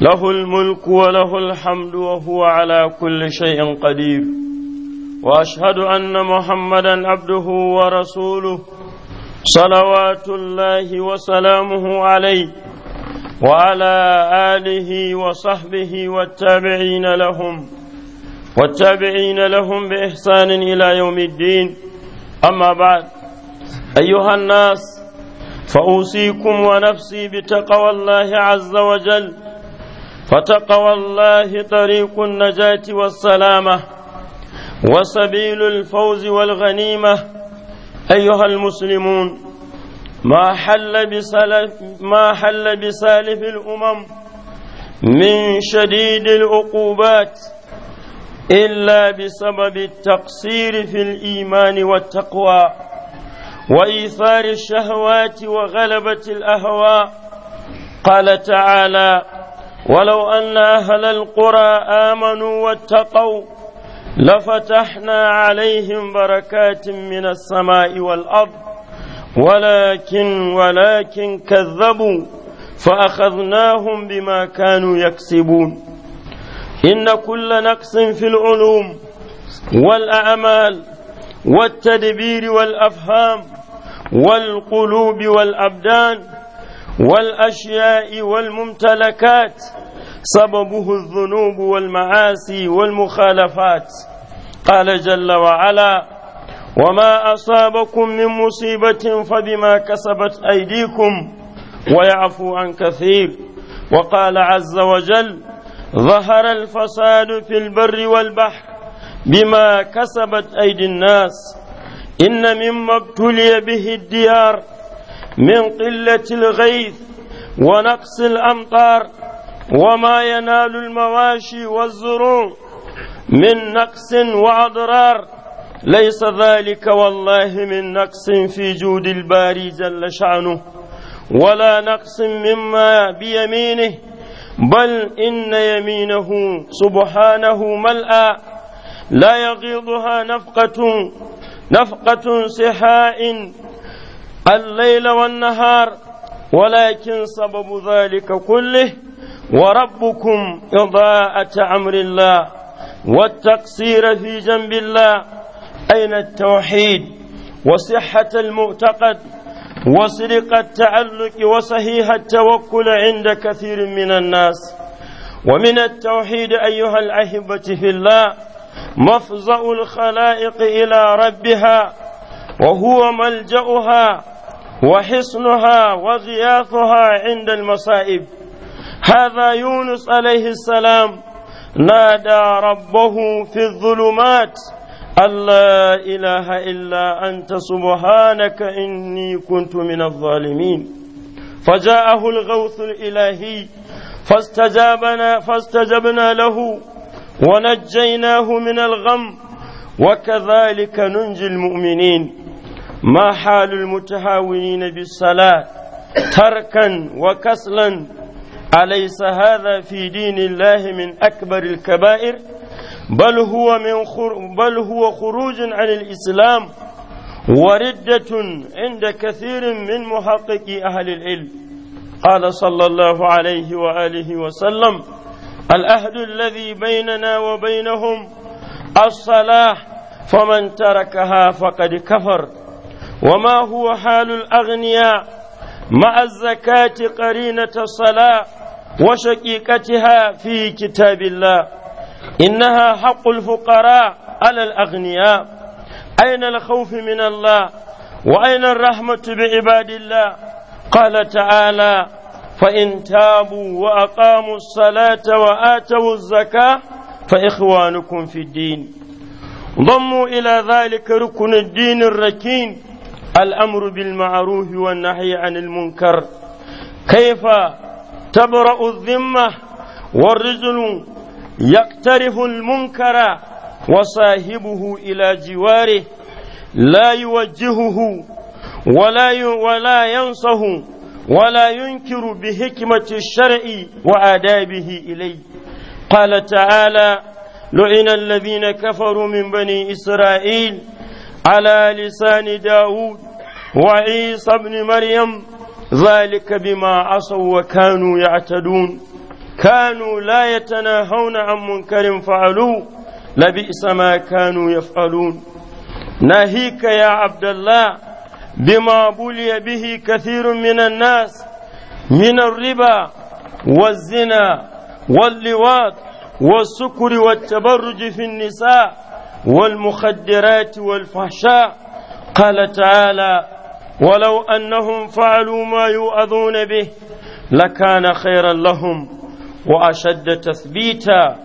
له الملك وله الحمد وهو على كل شيء قدير واشهد ان محمدا عبده ورسوله صلوات الله وسلامه عليه وعلى اله وصحبه والتابعين لهم والتابعين لهم باحسان الى يوم الدين اما بعد ايها الناس فاوصيكم ونفسي بتقوى الله عز وجل فتقوى الله طريق النجاة والسلامة وسبيل الفوز والغنيمة أيها المسلمون ما حل بسلف ما حل بسالف الأمم من شديد العقوبات إلا بسبب التقصير في الإيمان والتقوى وإيثار الشهوات وغلبة الأهواء قال تعالى ولو أن أهل القرى آمنوا واتقوا لفتحنا عليهم بركات من السماء والأرض ولكن ولكن كذبوا فأخذناهم بما كانوا يكسبون إن كل نقص في العلوم والأعمال والتدبير والأفهام والقلوب والأبدان والأشياء والممتلكات سببه الذنوب والمعاصي والمخالفات قال جل وعلا وما أصابكم من مصيبة فبما كسبت أيديكم ويعفو عن كثير وقال عز وجل ظهر الفساد في البر والبحر بما كسبت أيدي الناس إن مما ابتلي به الديار من قلة الغيث ونقص الأمطار وما ينال المواشي والزروع من نقص وأضرار ليس ذلك والله من نقص في جود الباري جل شأنه ولا نقص مما بيمينه بل إن يمينه سبحانه ملأى لا يغيضها نفقة نفقة سحاء الليل والنهار ولكن سبب ذلك كله وربكم إضاءة أمر الله والتقصير في جنب الله أين التوحيد وصحة المعتقد وسرقة التعلق وصحيح التوكل عند كثير من الناس ومن التوحيد أيها الأحبة في الله مفزأ الخلائق إلى ربها وهو ملجأها وحصنها وغياثها عند المصائب هذا يونس عليه السلام نادى ربه في الظلمات أن لا إله إلا أنت سبحانك إني كنت من الظالمين فجاءه الغوث الإلهي فاستجابنا فاستجبنا له ونجيناه من الغم وكذلك ننجي المؤمنين ما حال المتهاونين بالصلاة تركا وكسلا أليس هذا في دين الله من أكبر الكبائر بل هو من خر... بل هو خروج عن الإسلام وردة عند كثير من محققي أهل العلم قال صلى الله عليه وآله وسلم الأهد الذي بيننا وبينهم الصلاة فمن تركها فقد كفر وما هو حال الأغنياء مع الزكاة قرينة الصلاة وشقيقتها في كتاب الله إنها حق الفقراء على الأغنياء أين الخوف من الله وأين الرحمة بعباد الله قال تعالى فإن تابوا وأقاموا الصلاة وآتوا الزكاة فإخوانكم في الدين ضموا إلى ذلك ركن الدين الركين الأمر بالمعروف والنهي عن المنكر كيف تبرأ الذمة والرجل يقترف المنكر وصاحبه إلى جواره لا يوجهه ولا ولا ينصه ولا ينكر بحكمة الشرع وآدابه إليه قال تعالى لعن الذين كفروا من بني إسرائيل على لسان داود وعيسى ابن مريم ذلك بما عصوا وكانوا يعتدون كانوا لا يتناهون عن منكر فعلوه لبئس ما كانوا يفعلون ناهيك يا عبد الله بما بلي به كثير من الناس من الربا والزنا واللواط والسكر والتبرج في النساء والمخدرات والفحشاء قال تعالى ولو انهم فعلوا ما يؤذون به لكان خيرا لهم واشد تثبيتا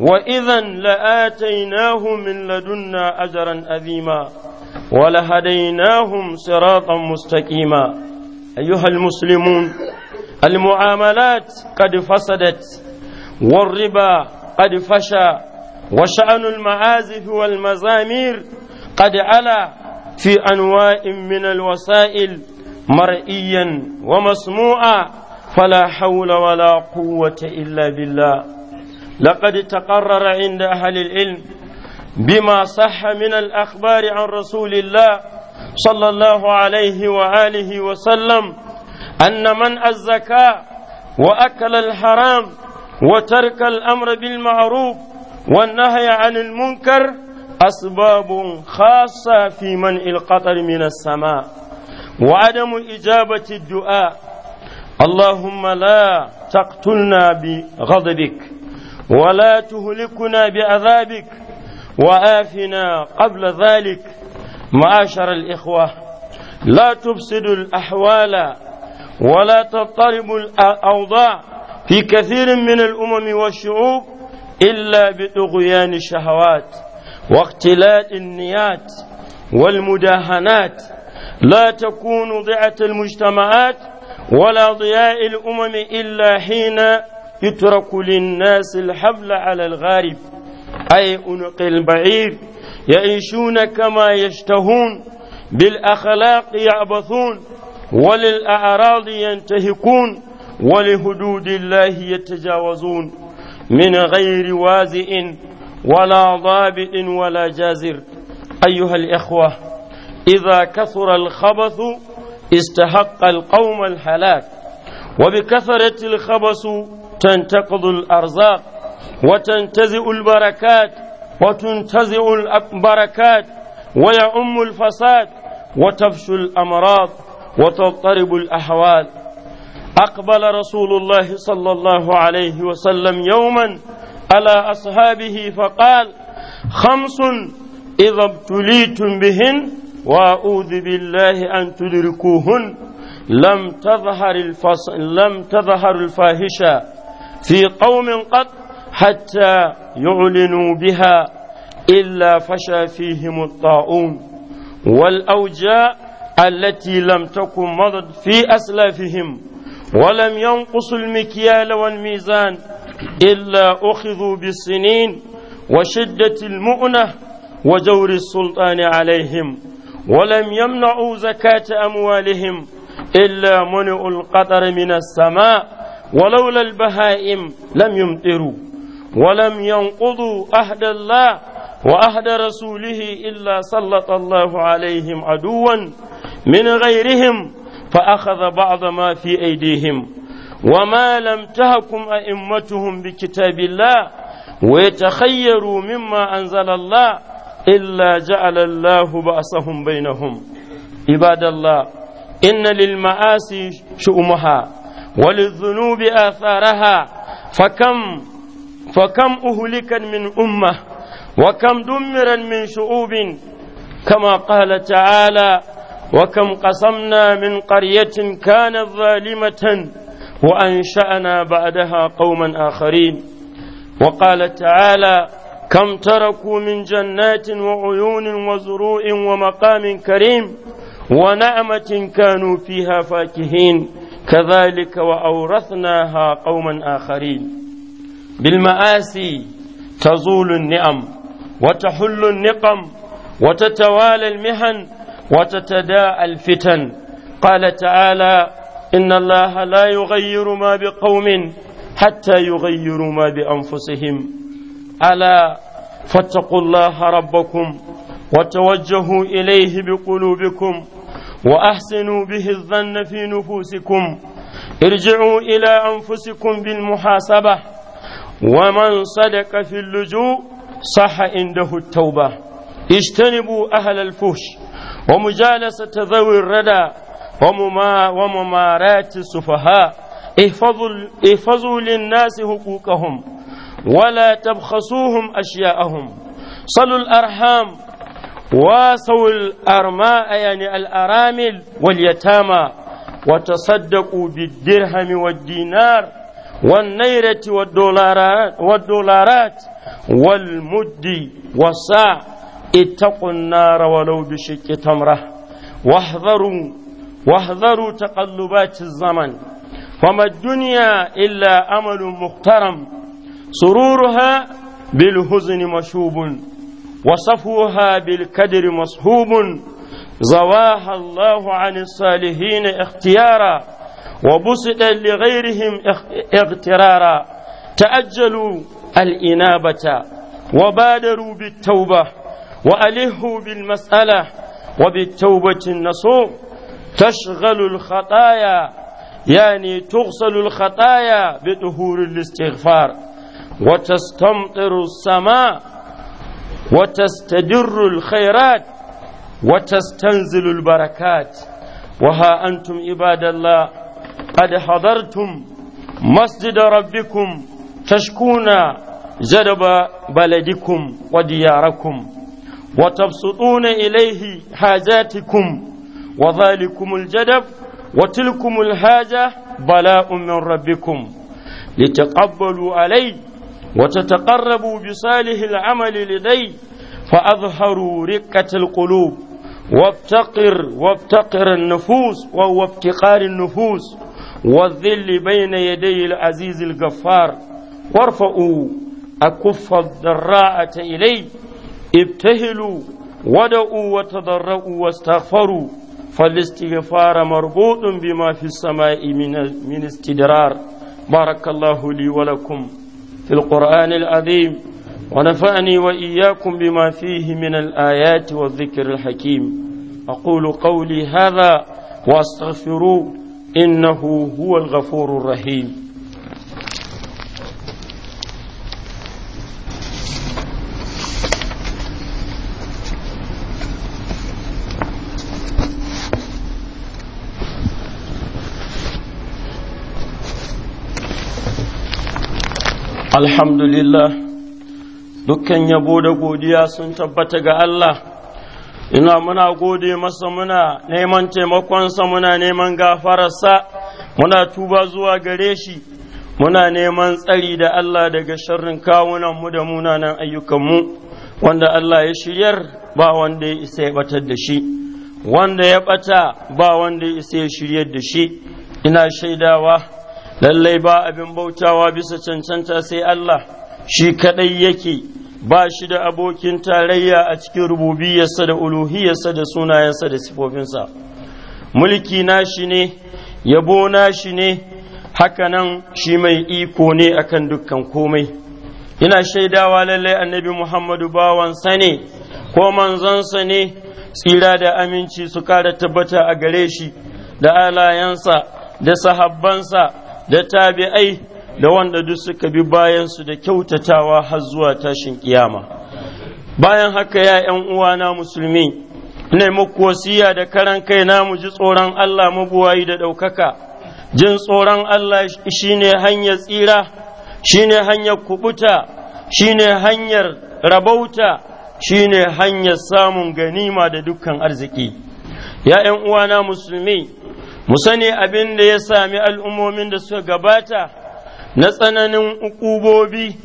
واذا لاتيناهم من لدنا اجرا أذيما ولهديناهم صراطا مستقيما ايها المسلمون المعاملات قد فسدت والربا قد فشى وشان المعازف والمزامير قد علا في أنواع من الوسائل مرئيا ومسموعا فلا حول ولا قوة إلا بالله لقد تقرر عند أهل العلم بما صح من الأخبار عن رسول الله صلى الله عليه وآله وسلم أن من الزكاة وأكل الحرام وترك الأمر بالمعروف والنهي عن المنكر أسباب خاصة في منع القطر من السماء وعدم إجابة الدعاء اللهم لا تقتلنا بغضبك ولا تهلكنا بعذابك وآفنا قبل ذلك معاشر الإخوة لا تفسدوا الأحوال ولا تضطرب الأوضاع في كثير من الأمم والشعوب إلا بطغيان الشهوات واختلاط النيات والمداهنات لا تكون ضعة المجتمعات ولا ضياء الأمم إلا حين يترك للناس الحبل على الغارب أي أنق البعير يعيشون كما يشتهون بالأخلاق يعبثون وللأعراض ينتهكون ولهدود الله يتجاوزون من غير وازئ ولا ضابط ولا جازر أيها الإخوة إذا كثر الخبث استحق القوم الهلاك وبكثرة الخبث تنتقض الأرزاق وتنتزئ البركات وتنتزئ البركات ويعم الفساد وتفشو الأمراض وتضطرب الأحوال أقبل رسول الله صلى الله عليه وسلم يوما على أصحابه فقال خمس إذا ابتليتم بهن وأعوذ بالله أن تدركوهن لم تظهر الفص... لم تظهر الفاحشة في قوم قط حتى يعلنوا بها إلا فشى فيهم الطاعون والأوجاع التي لم تكن مضت في أسلافهم ولم ينقصوا المكيال والميزان إلا أخذوا بالسنين وشدة المؤنة وجور السلطان عليهم ولم يمنعوا زكاة أموالهم إلا منع القطر من السماء ولولا البهائم لم يمطروا ولم ينقضوا أهد الله وأهد رسوله إلا سلط الله عليهم عدوا من غيرهم فأخذ بعض ما في أيديهم وما لم تهكم أئمتهم بكتاب الله ويتخيروا مما أنزل الله إلا جعل الله بأسهم بينهم عباد الله إن للمعاصي شؤمها وللذنوب آثارها فكم فكم أهلكا من أمة وكم دمرا من شعوب كما قال تعالى وكم قسمنا من قرية كانت ظالمة وأنشأنا بعدها قوما آخرين وقال تعالى كم تركوا من جنات وعيون وزروع ومقام كريم ونعمة كانوا فيها فاكهين كذلك وأورثناها قوما آخرين بالمآسي تزول النعم وتحل النقم وتتوالى المهن وتتداعى الفتن قال تعالى إن الله لا يغير ما بقوم حتى يغيروا ما بأنفسهم ألا فاتقوا الله ربكم وتوجهوا إليه بقلوبكم وأحسنوا به الظن في نفوسكم ارجعوا إلى أنفسكم بالمحاسبة ومن صدق في اللجوء صح عنده التوبة اجتنبوا أهل الفوش ومجالسة ذوي الردى وممارات السفهاء احفظوا, احفظوا للناس حقوقهم ولا تبخسوهم أشياءهم صلوا الأرحام واسوا الأرماء يعني الأرامل واليتامى وتصدقوا بالدرهم والدينار والنيرة والدولارات, والدولارات والمد والساع اتقوا النار ولو بشق تمره واحذروا واحذروا تقلبات الزمن وما الدنيا إلا أمل مقترم سرورها بالهزن مشوب وصفوها بالكدر مصحوب زواها الله عن الصالحين اختيارا وبسطا لغيرهم اغترارا تأجلوا الإنابة وبادروا بالتوبة وألهوا بالمسألة وبالتوبة النصوح تشغل الخطايا يعني تغسل الخطايا بطهور الاستغفار وتستمطر السماء وتستدر الخيرات وتستنزل البركات وها أنتم عباد الله قد حضرتم مسجد ربكم تشكون جدب بلدكم ودياركم وتبسطون إليه حاجاتكم وذلكم الجدب وتلكم الهاجة بلاء من ربكم لتقبلوا علي وتتقربوا بصالح العمل لدي فأظهروا رقة القلوب وابتقر وابتقر النفوس وهو افتقار النفوس والذل بين يدي العزيز الغفار وارفعوا أكف الذراعة إلي ابتهلوا ودعوا وتضرؤوا واستغفروا فالاستغفار مربوط بما في السماء من من استدرار بارك الله لي ولكم في القرآن العظيم ونفعني وإياكم بما فيه من الآيات والذكر الحكيم أقول قولي هذا وأستغفروه إنه هو الغفور الرحيم alhamdulillah dukkan yabo da godiya sun tabbata ga Allah ina muna gode masa muna neman taimakonsa muna neman gafararsa muna tuba zuwa gare shi muna neman tsari da Allah daga sharrin kawunanmu da munanan ayyukanmu wanda Allah ya shiryar ba wanda ya isa ya batar da shi wanda ya bata ba wanda ya isa ya shiryar da shi ina shaidawa lallai ba abin bautawa bisa cancanta sai Allah shi kaɗai yake ba shi da abokin tarayya a cikin rububiyarsa da uluhiyarsa da sunayensa da sifofinsa mulki nashi ne yabo nashi ne hakanan shi mai iko ne akan dukkan komai ina shaidawa lallai annabi muhammadu bawansa ne ko manzansa ne tsira da aminci su kara tabbata a gare shi da alayensa da sahabbansa da tabi'ai da wanda duk suka bi bayan su da kyautatawa har zuwa tashin kiyama bayan haka ya 'yan uwana musulmi ne muku wasiya da karan kai na mu ji tsoron Allah mabuwayi da ɗaukaka jin tsoron Allah shine hanyar tsira shine hanyar kubuta shine hanyar rabauta shine hanyar samun ganima da dukkan arziki ya 'yan uwana musulmi mu sani abin da ya sami al'ummomin da suka gabata na tsananin ukubobi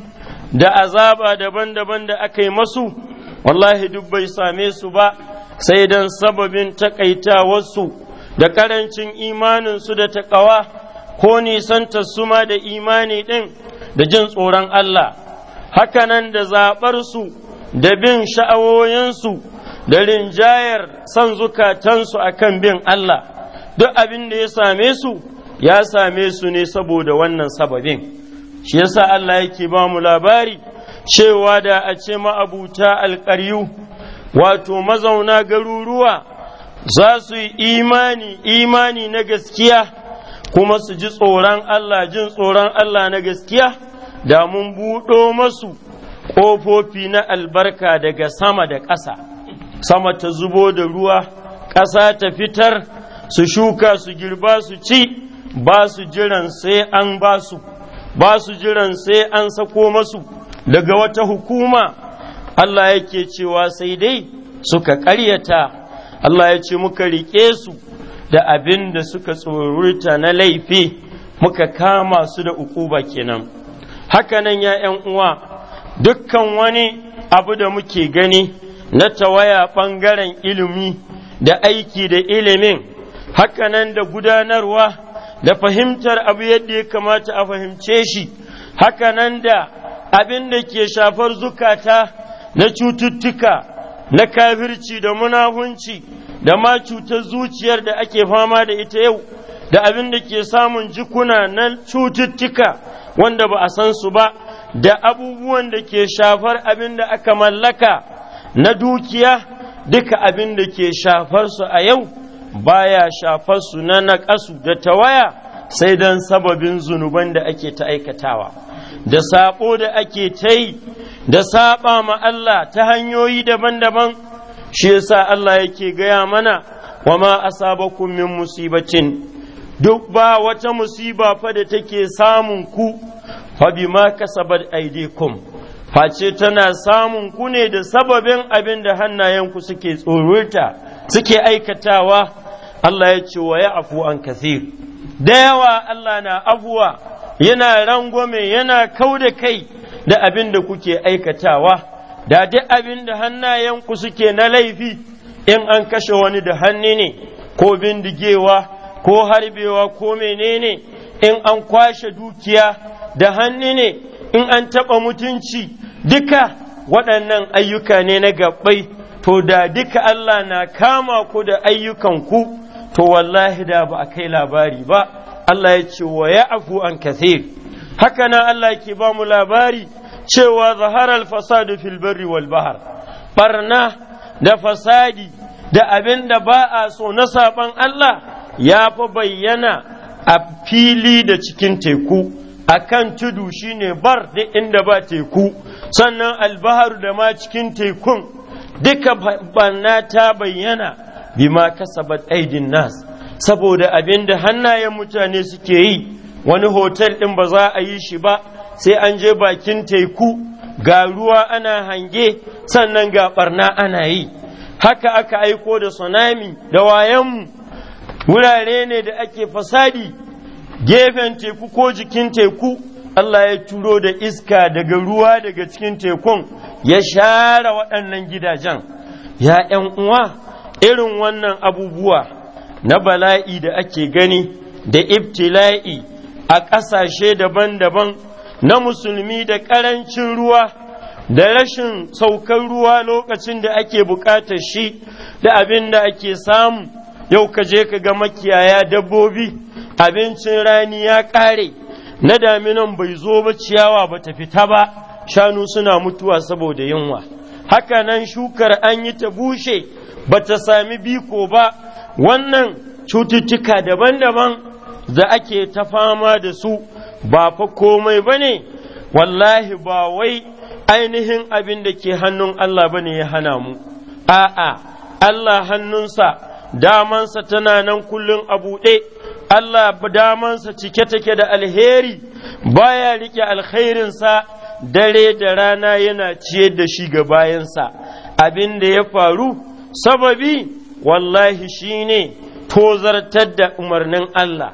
da azaba daban-daban da aka yi masu wallahi duk bai same su ba sai don sababin takaitawarsu da karancin imaninsu da taƙawa ko nisantar suma da imani ɗin da jin tsoron Allah hakanan da zaɓarsu da bin sha'awoyinsu da rinjayar son zukatansu a kan bin Allah duk abin da ya same su ya same su ne saboda wannan sababin shi yasa Allah yake ba mu labari cewa da a ce ma'abuta alƙaryu wato mazauna garuruwa za su yi imani imani na gaskiya kuma su ji tsoron Allah jin tsoron Allah na gaskiya da mun buɗo masu ƙofofi na albarka daga sama da ƙasa sama ta zubo da ruwa ƙasa ta fitar su shuka su girba su ci ba su jiran sai an ba su ba su jiran sai an sako masu daga wata hukuma Allah yake cewa sai dai suka ƙaryata Allah ya ce muka riƙe su da abin da suka tsorurta na laifi muka kama su da ukuba kenan hakanan ya ‘yan uwa dukkan wani abu da muke gani na tawaya ɓangaren ilimi da aiki da ilimin hakanan da gudanarwa da fahimtar abu yadda ya kamata a fahimce shi haka nan da abin da ke shafar zukata na cututtuka na kafirci da munafunci da ma cutar zuciyar da ake fama da ita yau da abin da ke samun jikuna na cututtuka wanda ba a san su ba da abubuwan da ke shafar abin da aka mallaka na dukiya duka abin da ke shafar su a yau baya shafar su na naƙasu da ta waya, sai don sababin zunuban da ake ta aikatawa da saƙo da ake ta yi da saɓa ma Allah ta hanyoyi daban-daban shi yasa Allah yake gaya mana wa ma asabakum min musibatin duk ba wata musiba fa da take samun ku fa bi ma kasabat aidikum face tana samun ku ne da sababin abin da ku suke tsoruta suke aikatawa Allah ya ce wa ya afu an kasi? da yawa Allah na afuwa yana rangwame yana kau da kai da abin da kuke aikatawa da duk abin da hannayenku suke na laifi in an kashe wani da hannu ne ko bindigewa ko harbewa ko menene in an kwashe dukiya da hannu ne in an taɓa mutunci duka waɗannan ayyuka ne na gaɓai to da duka Allah na kama ku da ayyukanku to wallahi da ba a kai labari ba Allah ya ce wa ya afu an kathir haka nan Allah ke ba mu labari cewa zaharar fasadu fil barri wal bahar barna da fasadi da abin da ba a so na saban Allah ya fi bayyana a fili da cikin teku akan tudu shine bar da inda ba teku sannan albaharu da ma cikin tekun duka barna ta bayyana bima kasabat aidin nas saboda abinda hannayen mutane suke yi wani hotel ɗin ba za a yi shi ba sai an je bakin teku ga ruwa ana hange sannan ga barna ana yi haka aka aiko da tsunami da wayanmu wurare ne da ake fasadi gefen teku ko jikin teku Allah ya turo da iska daga ruwa daga cikin tekun ya share waɗannan gidajen ya ‘yan uwa irin wannan abubuwa na bala'i da ake gani da ibtila'i a ƙasashe daban-daban na musulmi da ƙarancin ruwa da rashin saukar ruwa lokacin da ake buƙatar shi da abin da ake samu yau ka je ka ga makiyaya dabbobi abincin rani ya ƙare na daminan bai zo ba ciyawa ba ta fita ba shanu suna mutuwa saboda yunwa haka nan shukar an yi ta bushe ba ta sami biko ba wannan cututtuka daban-daban da ake ta fama da su ba fa komai ba ne wallahi ba wai ainihin abin da ke hannun Allah ba ne ya hana mu a'a Allah hannunsa damansa tana nan kullum a buɗe Allah damansa cike take da alheri baya riƙe alkhairinsa dare da rana yana ciyar da shi ga bayansa abin da ya faru sababi wallahi shine tozartar da umarnin Allah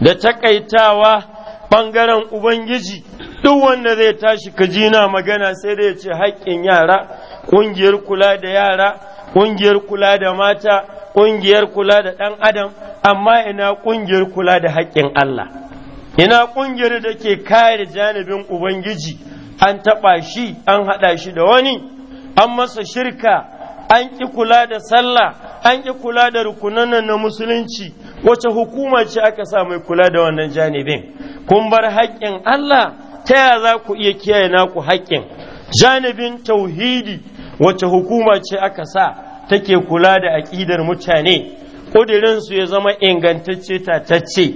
da takaitawa ɓangaren Ubangiji duk wanda zai tashi kajina magana sai da ya ce haƙƙin yara ƙungiyar kula da yara ƙungiyar kula da mata ƙungiyar kula da ɗan adam amma ina ƙungiyar kula da haƙƙin Allah ina ƙungiyar da ke kare janibin Ubangiji an taɓa shi an haɗa shi da wani an masa shirka an ƙi kula da sallah an ƙi kula da rukunan na musulunci wace hukuma ce aka sa mai kula da wannan janibin kun bar haƙƙin Allah ta ya za ku iya kiyaye naku haƙƙin janibin tauhidi wace hukuma ce aka sa take kula da aƙidar mutane su ya zama ingantacce tatacce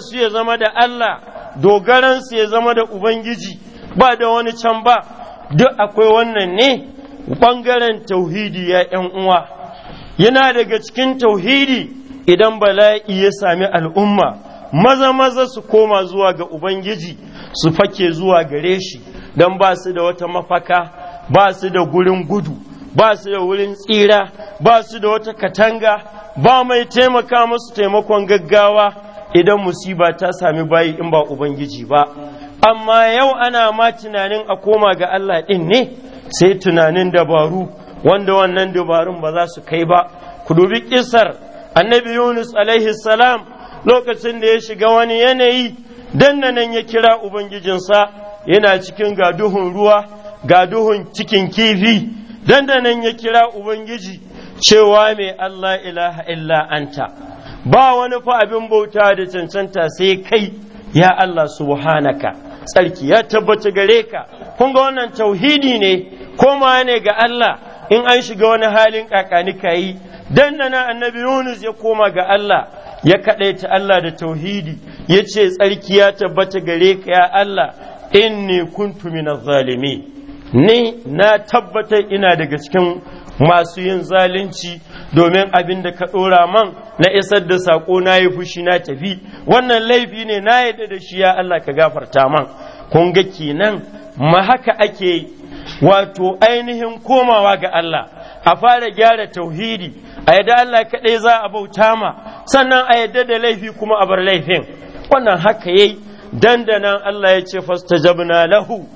su ya zama da Allah dogaransu ya zama da Ubangiji ba da wani can ba duk akwai wannan ne ɓangaren tauhidi ya ‘yan uwa yana daga cikin tauhidi idan bala'i ya sami al'umma maza maza su koma zuwa ga ubangiji su fake zuwa gare shi don ba su da wata mafaka ba su da gurin gudu ba su da wurin tsira ba su da wata katanga ba mai taimaka musu taimakon gaggawa idan musiba ta sami bayi in ba ubangiji ba amma yau ana ma tunanin a koma ga Allah ɗin ne sai tunanin dabaru wanda wannan dabarun ba za su kai ba ku dubi kisar annabi yunus alaihi salam lokacin da ya shiga wani yanayi dannanan ya kira ubangijinsa yana cikin gaduhun ruwa ga duhun cikin kifi dandanan ya kira ubangiji cewa mai allah ilaha illa anta ba wani fa abin bauta da cancanta sai kai ya allah subhanaka tsarki ya tabbata gare ka kun ga wannan tauhidi ne koma ne ga Allah in an shiga wani halin kakani kayi Dan dandana annabi Yunus ya koma ga Allah ya kaɗaita Allah da tauhidi ya ce tsarki ya tabbata gare ka ya Allah inni kuntu minaz zalimi ni na tabbatar ina daga cikin masu yin zalunci domin abin da ka ɗora man na isar da sako na yi fushi na tafi wannan laifi ne na yadda da shi ya Allah ka gafarta man kun ga kenan ma haka ake wato ainihin komawa ga Allah a fara gyara tauhidi a yadda Allah kaɗai za a bauta ma sannan a yadda da laifi kuma a bar laifin wannan haka yayi dandanan Allah ya ce fastajabna lahu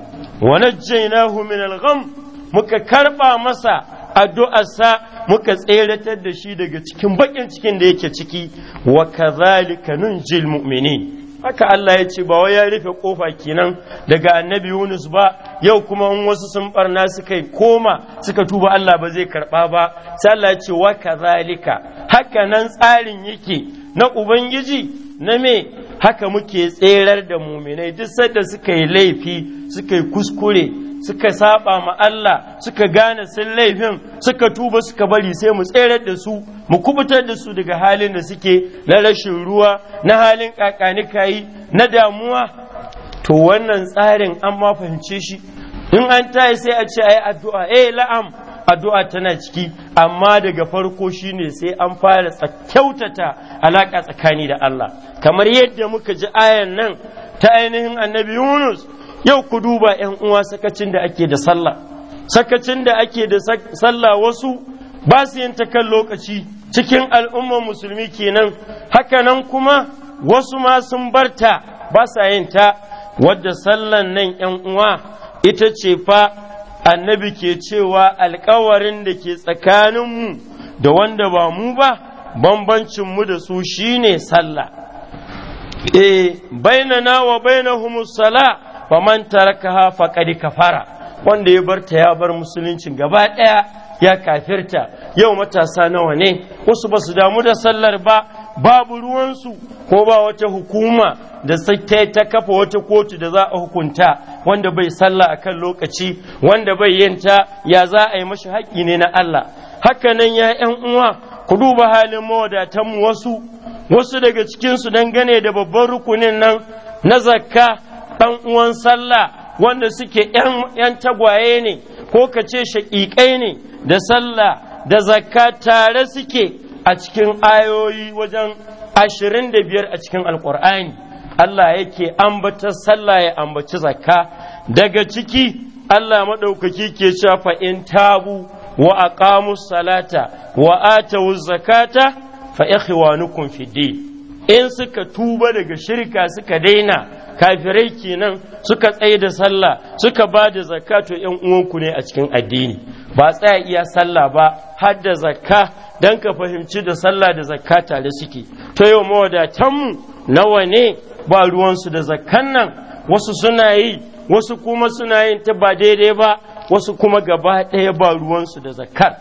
wa najjaynahu min al-gham muka karba masa addu'arsa muka tseratar da shi daga cikin bakin cikin da yake ciki wa kadhalika nunjil mu'minin haka Allah ya ce ba wai ya rufe kofa kenan daga annabi Yunus ba yau kuma in wasu sun barna suka yi koma suka tuba Allah ba zai karba ba sai Allah ya ce wa kazalika haka nan tsarin yake na ubangiji na me haka muke tserar da muminai duk sanda suka yi laifi suka yi kuskure suka saba ma Allah suka gane sun laifin suka tuba suka bari sai mu tserar da su mu kubutar da su daga halin da suke na rashin ruwa na halin kakanikayi na damuwa to wannan tsarin an ma fahimce shi in an tayi sai a ce ayi addu'a eh la'am addu'a tana ciki amma daga farko shine sai an fara kyautata alaƙa tsakani da Allah kamar yadda muka ji ayan nan ta ainihin annabi Yunus yau ku duba ‘yan uwa sakacin da ake da sallah sakacin da ake da sallah wasu ba su yin takan lokaci cikin al'ummar musulmi kenan nan kuma wasu ma sun barta ba sa yin ta wadda sallan nan ‘yan uwa ita ce fa annabi ke cewa alkawarin da ke tsakaninmu da wanda ba mu ba bambancinmu da su shine sallah eh bainana wa bainahumus sala faman tarakaha faqad kafara wanda ya barta ya bar musuluncin gaba ɗaya ya kafirta yau matasa nawa ne wasu ba su damu da sallar ba babu ruwansu ko ba wata hukuma da sai ta kafa wata kotu da za a hukunta wanda bai sallah a kan lokaci wanda bai yanta ya za a yi mashi haƙƙi ne na Allah haka nan ya ƴan uwa ku duba halin mawadatanmu wasu wasu daga cikinsu dangane da babban rukunin nan na zakka ɗan uwan sallah wanda suke ‘yan tagwaye ne ko ka ce shaƙiƙai ne da sallah da zakka tare suke a cikin ayoyi wajen ashirin da biyar a cikin alƙur'ani Allah yake ambata sallah ya ambaci zakka daga ciki Allah maɗaukaki ke cewa in tabu wa aqamu salata wa atawu zakata fa ikhwanukum fid din in suka tuba daga shirka suka daina kafirai kenan suka tsaye da sallah suka ba da zakka to yan uwanku ne a cikin addini ba tsaya iya sallah ba har da zakka don ka fahimci da sallah da zakka tare suke to yau mawadatanmu nawa ne ba ruwansu da zakkan nan wasu suna yi wasu kuma suna yin ta ba daidai ba wasu kuma gaba ɗaya ba ruwansu da zakkar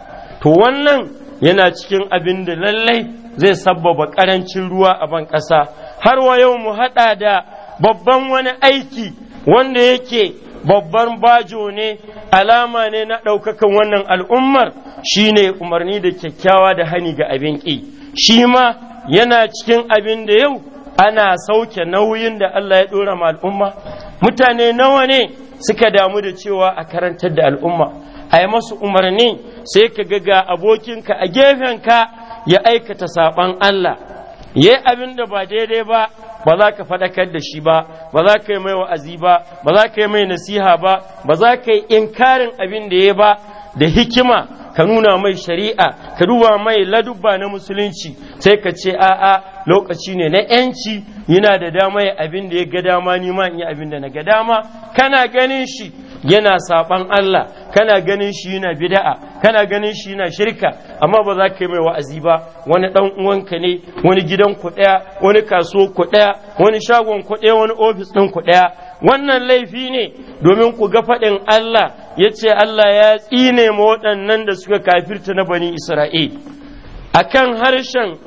to wannan yana cikin abin da lallai zai sabbaba ƙarancin ruwa a ban ƙasa har wa yau mu haɗa da babban wani aiki wanda yake babban bajo ne alama ne na ɗaukakan wannan al'ummar shine umarni da kyakkyawa da hani ga abin ƙi shi ma yana cikin abin da yau ana sauke nauyin da Allah ya ɗora ma al'umma mutane nawa ne suka damu da cewa a karantar da al'umma a yi masu umarni sai ka ga abokinka a gefenka ya aikata saɓan Allah ya abin da ba daidai ba ba za ka faɗakar da shi ba ba za ka yi mai wa'azi ba ba za ka yi mai nasiha ba ba za ka yi inkarin abin da ya ba da hikima ka nuna mai shari'a ka duba mai ladubba na musulunci sai ka ce a'a lokaci ne na yanci yana da dama ya abin da ya ga dama ni ma in yi abin da na ga dama kana ganin shi yana saban Allah kana ganin shi yana bid'a kana ganin shi yana shirka amma ba za ka yi mai wa'azi ba wani dan uwanka ne wani gidan ku daya wani kaso ku daya wani shagon ku daya wani ofis din ku daya wannan laifi ne domin ku ga faɗin Allah yace Allah ya tsine ma waɗannan da suka kafirta na bani Isra'il akan harshen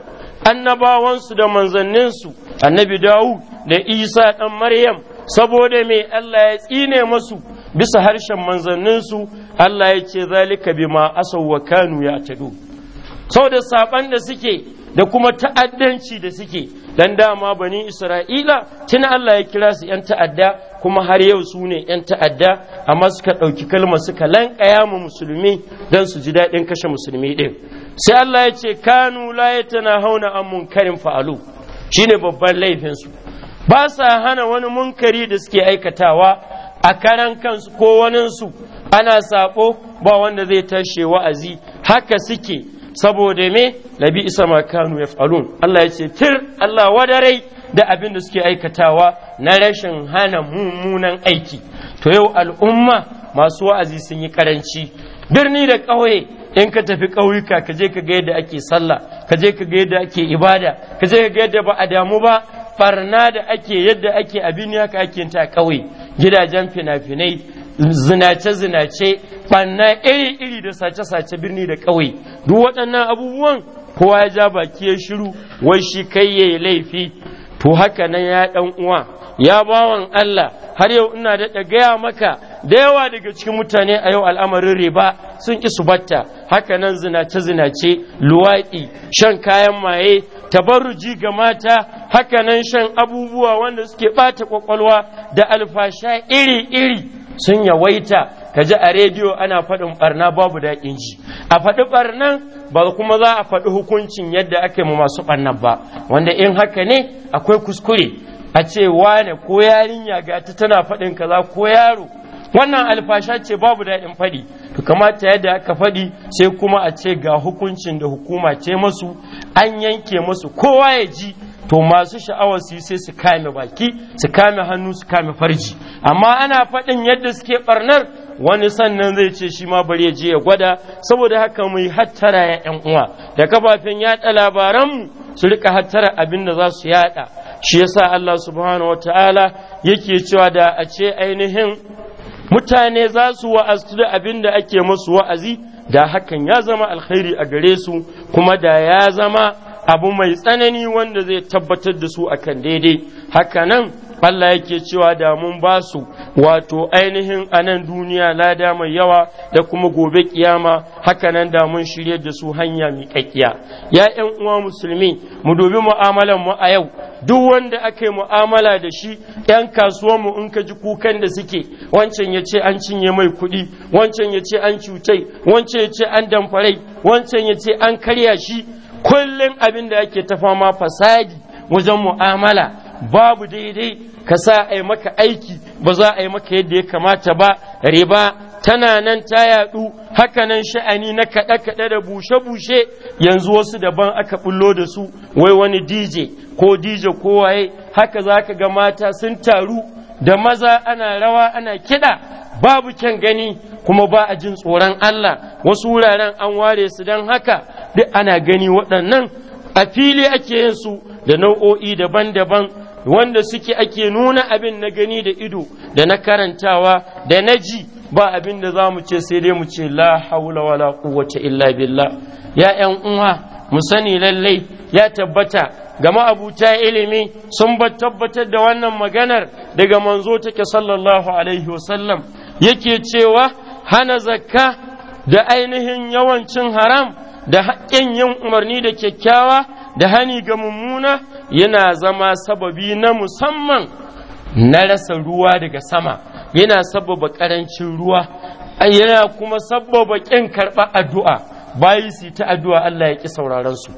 annabawansu da manzanninsu annabi Dawud da Isa ɗan Maryam saboda me Allah ya tsine masu bisa harshen manzanninsu Allah ya ce zalika bima asaw wa kanu ya tadu saboda saban da suke da kuma ta'addanci da suke dan dama bani isra'ila tun Allah ya kira su yan ta'adda kuma har yau su ne yan ta'adda amma suka ɗauki kalmar suka lankaya mu musulmi dan su ji daɗin kashe musulmi ɗin sai Allah ya ce kanu la tana hauna an munkarin fa'alu shine babban laifinsu ba sa hana wani munkari da suke aikatawa a karan kansu ko waninsu ana sabo ba wanda zai tashe wa'azi haka suke saboda me labi isa makanu ya falun Allah ya ce tir Allah wadarai da abin da suke aikatawa na rashin hana mummunan aiki to yau al'umma masu wa'azi sun yi karanci birni da ƙauye in ka tafi ƙauyuka ka je ka ga yadda ake sallah ka je ka ga yadda ake ibada ka je ka ga yadda ba a damu ba farna da ake yadda ake abin haka ake ta kawai gidajen fina-finai zinace-zinace banna iri-iri da sace-sace birni da kawai duk waɗannan abubuwan kowa ya ja baki ya shiru wai shi kai ya yi laifi to haka nan ya ɗan uwa ya bawan Allah har yau ina da gaya maka da yawa daga cikin mutane a yau al'amarin riba sun ƙi su batta haka nan zinace-zinace luwaɗi shan kayan maye tabarruji ga mata haka nan shan abubuwa wanda suke ɓata kwakwalwa da alfasha iri-iri sun yawaita kaji a rediyo ana faɗin ɓarna babu daɗin ji a faɗi barnan ba kuma za a faɗi hukuncin yadda ake mu masu barnan ba wanda in haka ne akwai kuskure a ce wane ko yarinya ga ta tana faɗin kaza ko yaro wannan alfasha ce babu daɗin faɗi to kamata yadda aka faɗi sai kuma a ce ga hukuncin da hukuma ce masu an yanke masu kowa ya ji to masu sha'awar su sai su kame baki su kame hannu su kame farji amma ana faɗin yadda suke barnar wani sannan zai ce shi ma bari ya je ya gwada saboda haka mu yi hattara ya yan uwa da kafafen yaɗa mu su rika hattara abin da za su yaɗa shi yasa Allah subhanahu wataala yake cewa da a ce ainihin mutane za su wa'astu da abin da ake musu wa'azi da hakan ya zama alkhairi a gare su kuma da ya zama abu mai tsanani wanda zai tabbatar da su akan daidai nan. Allah yake cewa da mun ba su wato ainihin anan nan duniya lada mai yawa da kuma gobe kiyama haka nan da mun shirye da su hanya miƙaƙiya ya 'yan uwa musulmi mu dubi mu'amalan mu a yau duk wanda aka mu'amala da shi 'yan kasuwar mu in ka ji kukan da suke wancan ya ce an cinye mai kuɗi wancan ya ce an cutai wancan ya ce an damfarai wancan ya ce an karya shi kullum abin da ake ta fama fasadi wajen mu'amala babu daidai ka sa a yi maka aiki ba za a yi maka yadda ya kamata ba riba tana nan ta yadu haka nan sha'ani na kaɗe-kaɗe da bushe-bushe yanzu wasu daban aka bullo da su wai wani dj ko dj ko haka za ka ga mata sun taru da maza ana rawa ana kiɗa babu kyan gani kuma ba a jin tsoron Allah wasu wuraren an ware su don haka duk ana gani waɗannan a fili ake yin su da nau'o'i daban-daban wanda suke ake nuna abin na gani da ido da na karantawa da na ji ba abin da za mu ce sai dai mu ce la haula wala quwwata illa billah ya yan uwa mu sani lallai ya tabbata ga ma'abuta ilimi sun tabbatar da wannan maganar daga manzo take sallallahu alaihi wasallam yake cewa hana zakka da ainihin yawancin haram da haƙƙin yin umarni da kyakkyawa da hani ga mummuna yana zama sababi na musamman na rasa ruwa daga sama yana sababa ƙarancin ruwa yana kuma sababa ƙin karɓa addu'a bayi su ta addu'a Allah ya ƙi sauraron su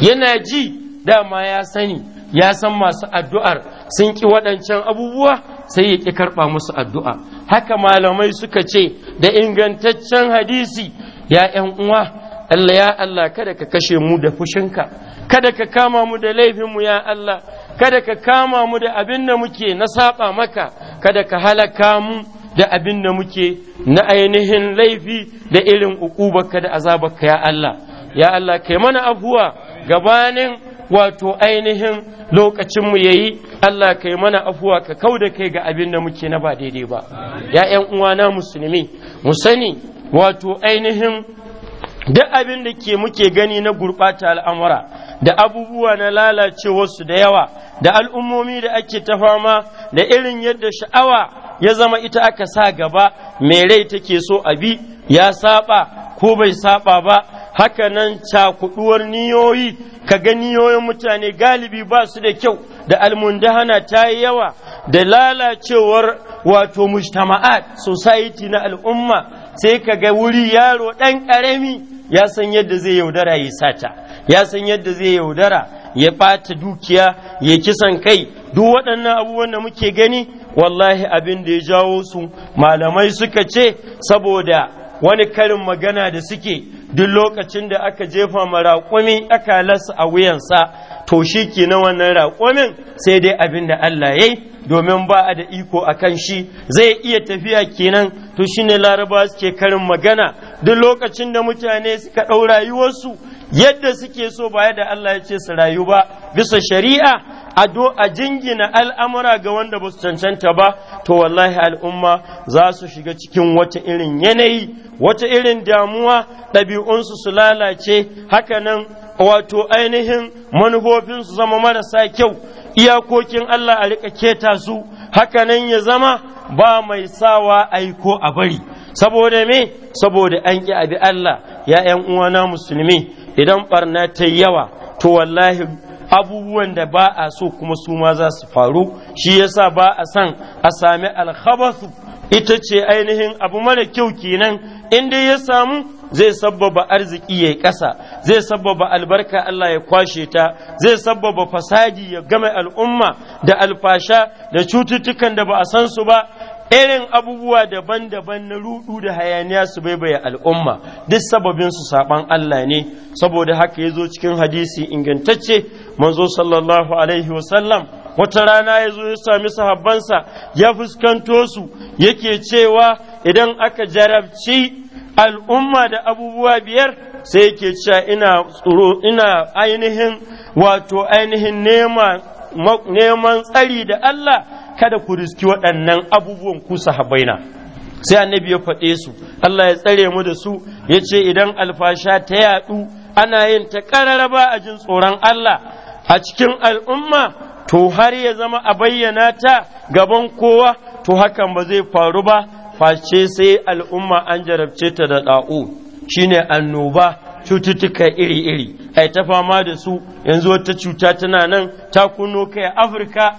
yana ji dama ya sani ya san masu addu'ar sun ƙi waɗancan abubuwa sai ya ƙi karɓa musu addu'a haka malamai suka ce da ingantaccen hadisi ya ‘yan uwa Allah ya Allah kada ka kashe mu da fushinka kada ka kama mu da laifinmu ya Allah kada ka kama mu da abin da muke na saba maka kada ka halaka mu da abin da muke na ainihin laifi da irin uƙubarka da azabarka ya Allah ya Allah kai mana afuwa gabanin wato ainihin lokacinmu ya yi Allah kai mana afuwa ka kau da kai ga abin da muke na ba daidai ba ya ‘yan uwana musulmi mu sani wato ainihin duk abin da ke muke gani na gurɓata al'amura da abubuwa na lalacewarsu da yawa da al'ummomi da ake ta fama da irin yadda sha'awa ya zama ita aka sa gaba mai rai take so a bi ya saba ko bai saba ba haka nan cakuduwar niyoyi ka ga niyoyin mutane galibi ba su da kyau da almundahana ta yi yawa da lalacewar wato mujtama'at society na al'umma sai ka ga wuri yaro ɗan ƙarami ya san yadda zai yaudara ya sata ya san yadda zai yaudara ya ɓata dukiya ya kisan kai duk waɗannan abubuwan da muke gani wallahi abin da ya jawo su malamai suka ce saboda wani karin magana da suke duk lokacin da aka jefa maraƙumi lasa a wuyansa to shi ke na wannan raƙomin sai dai abin da Allah ya yi domin ba a da iko a kan shi zai iya tafiya kenan to shi ne laraba suke karin magana duk lokacin da mutane suka ɗau rayuwarsu yadda suke so ba yadda Allah ya ce su rayu ba bisa shari'a a do a jingina al'amura ga wanda ba su cancanta ba to wallahi al'umma za su shiga cikin wata irin yanayi wata irin damuwa ɗabi'unsu su lalace haka nan. wato ainihin manufofin su zama marasa kyau iyakokin Allah a rika keta su haka nan ya zama ba mai sawa aiko a bari saboda me saboda an ƙi abi Allah ya ‘yan uwana musulmi idan barna ta yawa to wallahi abubuwan da ba a so kuma su ma za su faru shi yasa ba a san a sami alkhabasu ita ce ainihin abu mara kyau kenan in dai ya samu zai sabbaba arziki ya ƙasa zai sabbaba albarka Allah ya kwashe ta zai sabbaba fasadi ya game al'umma da alfasha da cututtukan da ba a san su ba irin abubuwa daban-daban na rudu da hayaniya su baibaya al'umma duk sababin su saban Allah ne saboda haka ya zo cikin hadisi ingantacce manzo sallallahu alaihi wasallam wata rana ya zo ya sami sahabbansa ya fuskanto su yake cewa idan aka jarabci al'umma da abubuwa biyar sai yake cewa ina tsoro ina ainihin wato ainihin neman tsari da Allah kada ku riski waɗannan abubuwan ku sahabaina sai annabi ya faɗe su Allah ya tsare mu da su ya ce idan alfasha ta yaɗu ana yin ta ƙararraba a jin tsoron Allah a cikin al'umma to har ya zama a bayyana ta gaban kowa to hakan ba zai faru ba face sai al'umma an jarabce ta da ɗa'u shine annoba cututtuka iri-iri ai ta fama da su yanzu wata cuta tana nan ta kuno kai afirka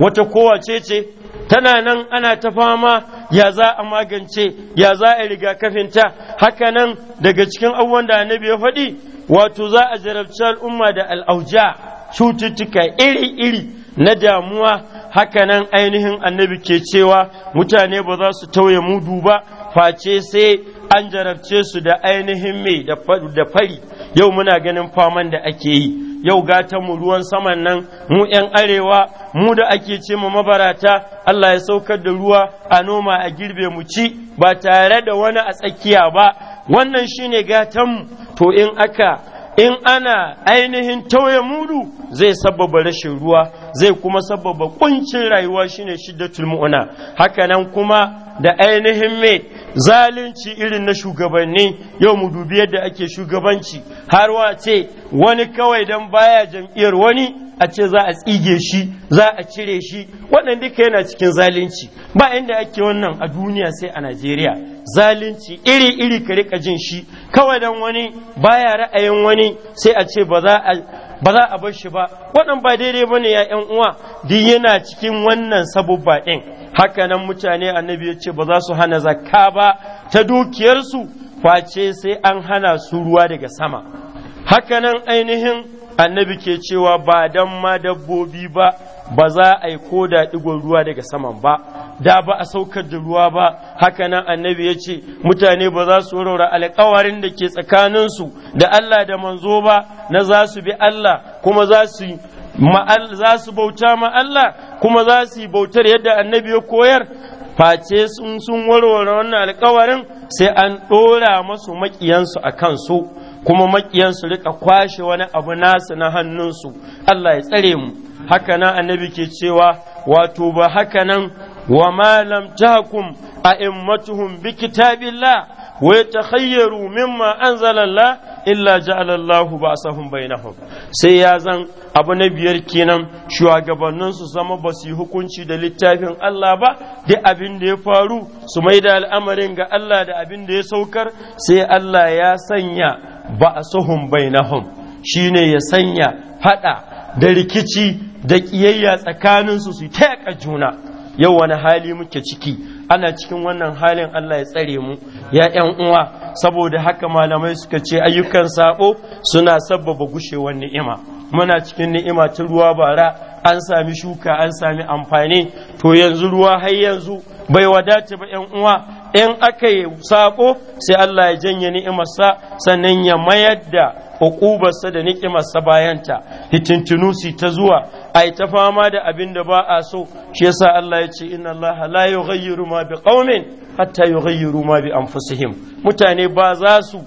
wata kowace ce tana nan ana ta fama ya za a magance ya za a rigakafinta haka nan daga cikin abubuwan da annabi ya faɗi wato za a jarabci al'umma da al'auja cututtuka iri-iri na damuwa hakanan ainihin annabi ke cewa mutane ba za su tauye mudu ba face sai an jarabce su da ainihin mai da fari yau muna ganin faman da ake yi yau mu ruwan saman nan mu 'yan arewa mu da ake ce mu mabarata Allah ya saukar da ruwa a noma a girbe mu ci ba tare da wani a tsakiya ba wannan shine gatan mu to in aka in ana ainihin tauye mudu zai sababa rashin ruwa zai kuma sababa kuncin rayuwa shine shiddatul mu'una hakanan kuma da ainihin mai zalunci irin na shugabanni yau mu dubi yadda ake shugabanci har wace wani kawai dan baya jam'iyyar wani a ce za a tsige shi za a cire shi wannan duka yana cikin zalunci ba inda ake wannan a duniya sai a Najeriya zalunci iri iri ka rika jin shi kawai dan wani baya ra'ayin wani sai a ce ba za a ba za a bar shi ba waɗan ba daidai ba ne ya ‘yan uwa duk yana cikin wannan sabubba ɗin nan mutane annabi ya ce ba za su hana zakka ba ta dukiyarsu face sai an hana su ruwa daga sama hakanan ainihin annabi ke cewa ba dan ma dabbobi ba ba za a yi ko da ɗigon ruwa daga saman ba da ba a saukar da ruwa ba haka nan annabi ya ce mutane ba za su raura alkawarin da ke tsakaninsu da Allah da manzo ba na za su bi Allah kuma za su za su bauta ma Allah kuma za su bautar yadda annabi ya koyar face sun sun warware wannan alkawarin sai an ɗora masu maƙiyansu a kansu kuma maƙiyansu rika kwashe wani abu nasu na hannunsu Allah ya tsare mu haka nan annabi ke cewa wato ba haka nan وما لم تهكم أئمتهم بكتاب الله ويتخيروا مما أنزل الله jaalallahu جعل الله Sai ya zan abu na biyar kenan shugabannin su zama ba su yi hukunci da littafin Allah ba da abin da ya faru su mai da al'amarin ga Allah da abin da ya saukar sai Allah ya sanya ba bainahum shine ya sanya fada da rikici da ƙiyayya tsakaninsu su ta juna yau wani hali muke ciki ana cikin wannan halin Allah ya tsare mu ya ƴan uwa saboda haka malamai suka ce ayyukan sabo suna sabbaba gushewar ni'ima muna cikin ni'ima ta ruwa bara an sami shuka an sami amfani to yanzu ruwa har yanzu bai wadace ba ƴan uwa in aka yi sabo sai Allah ya janye ni'imarsa sannan ya mayar da hukubarsa da nikimarsa bayanta hitintinu si ta zuwa a yi ta fama da abin da ba a so shi yasa Allah ya ce inna Allah la yughayyiru ma ƙaunin, hatta yughayyiru ma bi anfusihim mutane ba za su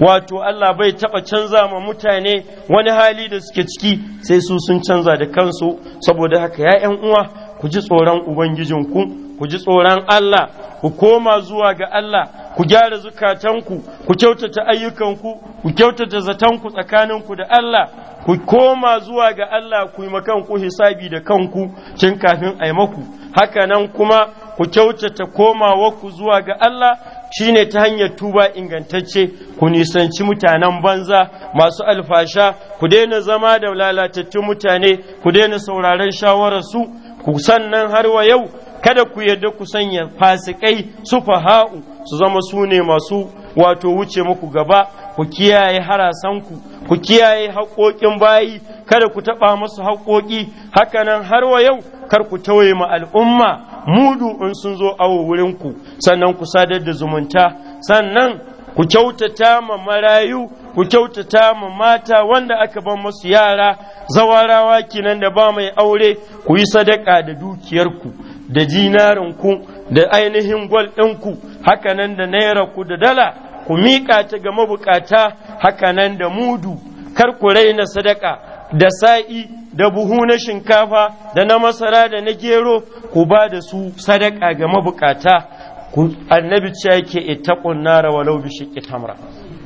wato Allah bai taɓa canza ma mutane wani hali da suke ciki sai su sun canza da kansu saboda haka ya uwa ku ji tsoron ubangijinku ku ji tsoron Allah ku koma zuwa ga Allah ku gyara zukatanku ku kyautata ayyukanku ku kyautata zatanku tsakaninku da Allah ku koma zuwa ga Allah ku yi makanku hisabi da kanku cin kafin a maku haka nan kuma ku kyautata komawarku zuwa ga Allah shine ta hanyar tuba ingantacce ku nisanci mutanen banza masu alfasha ku daina zama da lalatattun mutane ku daina sauraron shawararsu ku sannan har wa yau kada ku yarda ku sanya fasikai su faha'u su zama sune masu wato wuce muku gaba ku kiyaye harasanku ku kiyaye haƙoƙin bayi kada ku taɓa masu haƙoƙi hakanan har wa yau kar ku tawaye ma al'umma mudu in sun zo awo wurinku sannan ku sadar da zumunta sannan ku kyautata ma marayu ku kyautata ma mata wanda aka ban masu yara zawarawa kinan da ba mai aure ku yi sadaka da dukiyarku da jinarinku da ainihin gwal ɗinku hakanan da naira ku da dala ku miƙa ta ga mabukata hakanan da mudu kar ku raina sadaka da sa'i da buhu na shinkafa da na masara da na gero ku ba da su sadaka ga mabukata ku annabi ce yake ittaqun nara walau bi shiqqi tamra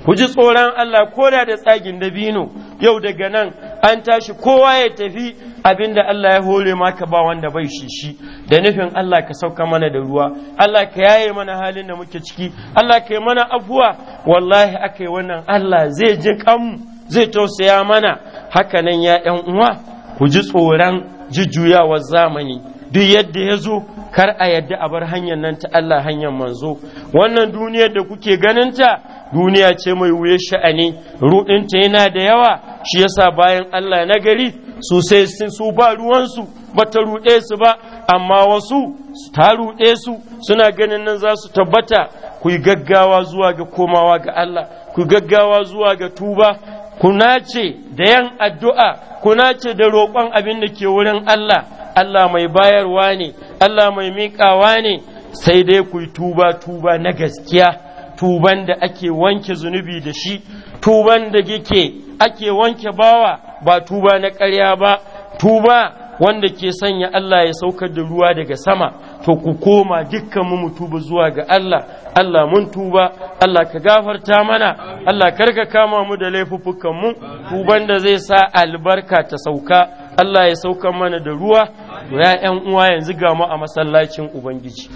ku ji tsoron Allah ko da tsagin dabino yau daga nan an tashi kowa ya tafi abinda Allah ya hore maka ba wanda bai shi shi da nufin Allah ka sauka mana da ruwa Allah ka yaye mana halin da muke ciki Allah ka yi mana afuwa wallahi aka yi wannan Allah zai ji kanmu zai tausaya mana Haka nan ya 'yan uwa ku ji tsoron jujjuyawar zamani duk yadda ya zo kar a yadda a bar hanyar nan ta Allah hanyar manzo wannan duniyar da kuke ganinta duniya ce mai wuya sha'ani rudinta yana da yawa shi yasa bayan Allah na gari su sai su ba ruwansu ba ta ruɗe su ba amma wasu ta ruɗe su suna ganin nan za su tabbata ku yi gaggawa zuwa ga komawa ga Allah ku gaggawa zuwa ga tuba kuna ce da yan addu'a kuna ce da roƙon abin da ke wurin Allah Allah mai bayarwa ne Allah mai miƙawa ne sai dai ku yi tuba tuba na gaskiya tuban da ake wanke zunubi da shi tuban da yake ake wanke bawa ba tuba na ƙarya ba tuba wanda ke sanya Allah ya saukar da ruwa daga sama to ku koma dukkan mu tuba zuwa ga Allah Allah mun tuba Allah ka gafarta mana Allah karka kama mu da laifuffukan mu tuban da zai sa albarka ta sauka Allah ya sauka mana da ruwa to ya uwa yanzu ga mu a masallacin ubangiji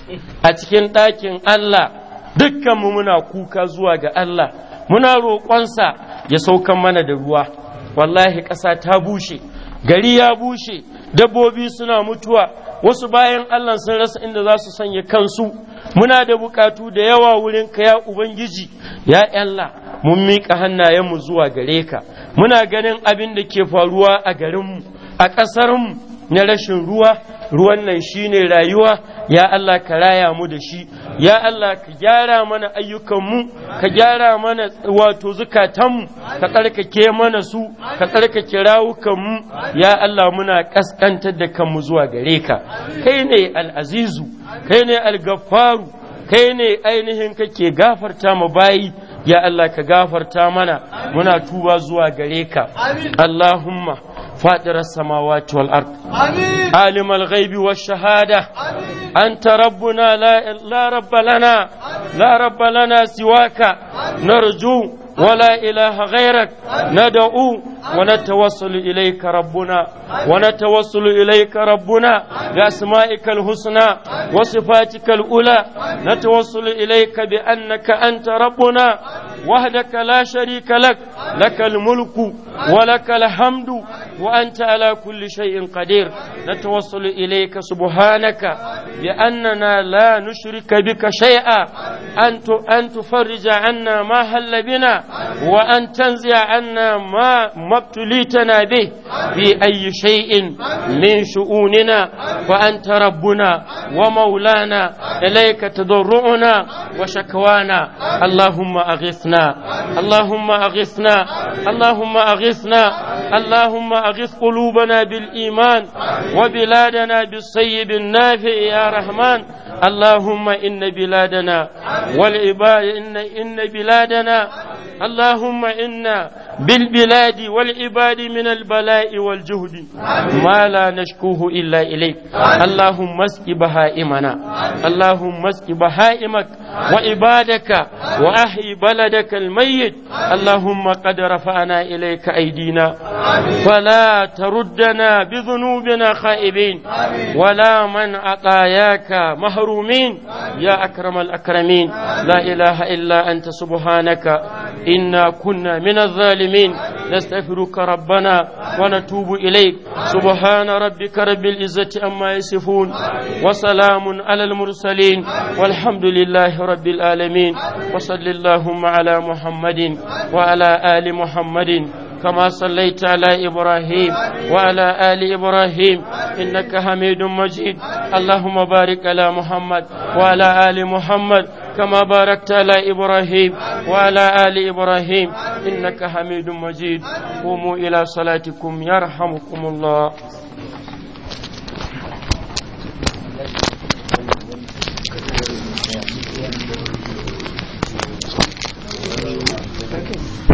a cikin ɗakin Allah dukkanmu muna kuka zuwa ga Allah muna roƙonsa ya sauka mana da ruwa wallahi ƙasa ta bushe gari ya bushe dabbobi suna mutuwa wasu bayan Allah sun rasa inda za su sanya kansu muna da buƙatu da yawa wurin ka ya ubangiji ya Allah mun miƙa hannayenmu zuwa gare ka muna ganin abin da ke faruwa a garinmu a ƙasarmu na rashin ruwa ruwan nan shi ne rayuwa ya Allah ka raya mu da shi ya Allah ka gyara mana ayyukanmu ka gyara mana wato zukatanmu ka tsarkake mana su ka tsarkake rawukanmu ya Allah muna ƙasƙantar da kanmu zuwa gare ka kai ne al'azizu kai ne al kai ne ainihin kake gafarta mu bayi ya Allah ka gafarta mana muna tuba zuwa gare ka Allahumma فاطر السماوات والأرض آمين. عالم الغيب والشهادة آمين. أنت ربنا لا, لا رب لنا آمين. لا رب لنا سواك آمين. نرجو ولا إله غيرك ندعو ونتوصل إليك ربنا ونتوصل إليك ربنا بأسمائك الحسنى وصفاتك الأولى نتوصل إليك بأنك أنت ربنا وحدك لا شريك لك لك الملك ولك الحمد وأنت على كل شيء قدير نتوصل إليك سبحانك بأننا لا نشرك بك شيئا أنت أن تفرج عنا ما هل بنا وأن تنزع عنا ما ما ابتليتنا به في أي شيء من شؤوننا فأنت ربنا ومولانا إليك تضرعنا وشكوانا اللهم أغثنا اللهم أغثنا اللهم أغثنا اللهم أغث قلوبنا بالإيمان وبلادنا بالصيب النافع يا رحمن اللهم إن بلادنا والعباد إن إن بلادنا اللهم إنا بالبلاد والعباد من البلاء والجهد ما لا نشكوه إلا إليك اللهم اسق بهائمنا اللهم اسق بهائمك وعبادك وأحي بلدك الميت اللهم قد رفعنا إليك أيدينا فلا ولا تردنا بذنوبنا خائبين آمين. ولا من عطاياك محرومين آمين. يا أكرم الأكرمين آمين. لا إله إلا أنت سبحانك إنا كنا من الظالمين نستغفرك ربنا ونتوب إليك سبحان ربك رب العزة أما يصفون وسلام على المرسلين والحمد لله رب العالمين وصل اللهم على محمد وعلى آل محمد كما صليت على إبراهيم وعلى آل إبراهيم إنك حميد مجيد اللهم بارك على محمد وعلى آل محمد كما باركت على إبراهيم وعلى آل إبراهيم إنك حميد مجيد قوموا إلى صلاتكم يرحمكم الله Thank you.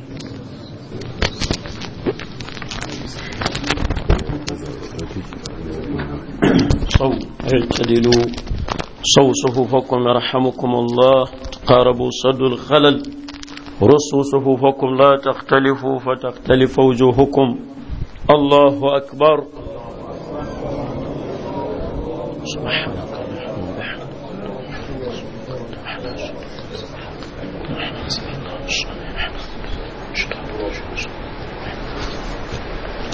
صو اعتدلوا صو صفوفكم يرحمكم الله تقاربوا صد الخلل رصوا صفوفكم لا تختلفوا فتختلف وجوهكم الله أكبر سبحانك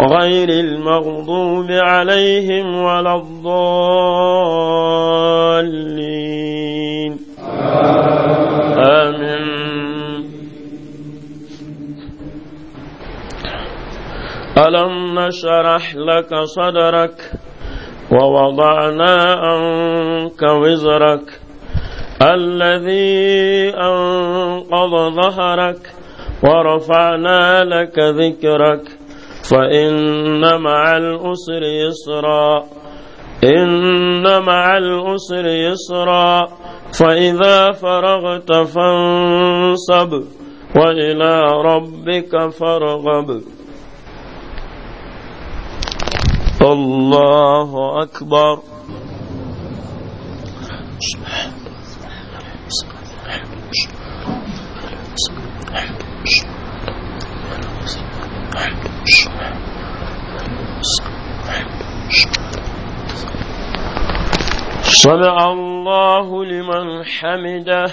غير المغضوب عليهم ولا الضالين آمين ألم نشرح لك صدرك ووضعنا عنك وزرك الذي أنقض ظهرك ورفعنا لك ذكرك فإن مع الأسر يسرا إن مع الأسر يسرا فإذا فرغت فانصب وإلى ربك فارغب الله أكبر الحمد صلى الله لمن حمده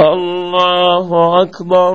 الله أكبر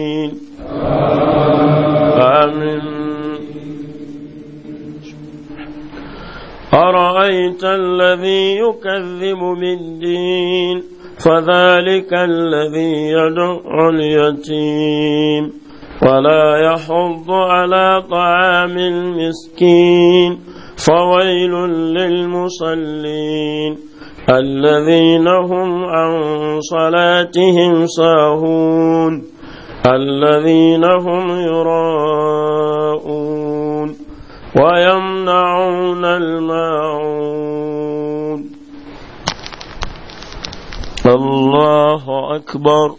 أرأيت الذي يكذب بالدين فذلك الذي يدعو اليتيم ولا يحض على طعام المسكين فويل للمصلين الذين هم عن صلاتهم ساهون الذين هم يراءون ويمنعون الماعون الله أكبر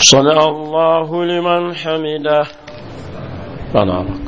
صلى الله لمن حمده أنا أعرف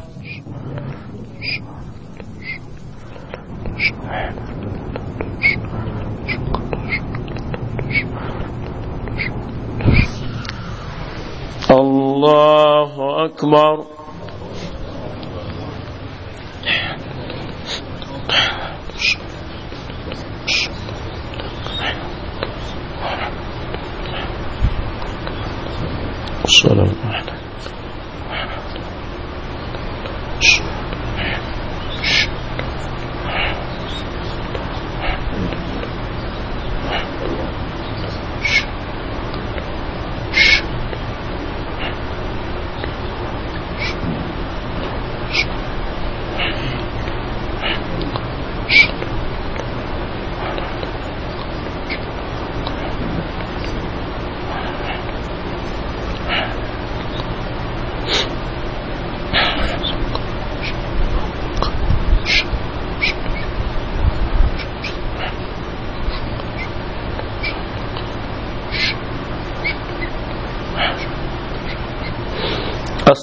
الله أكبر السلام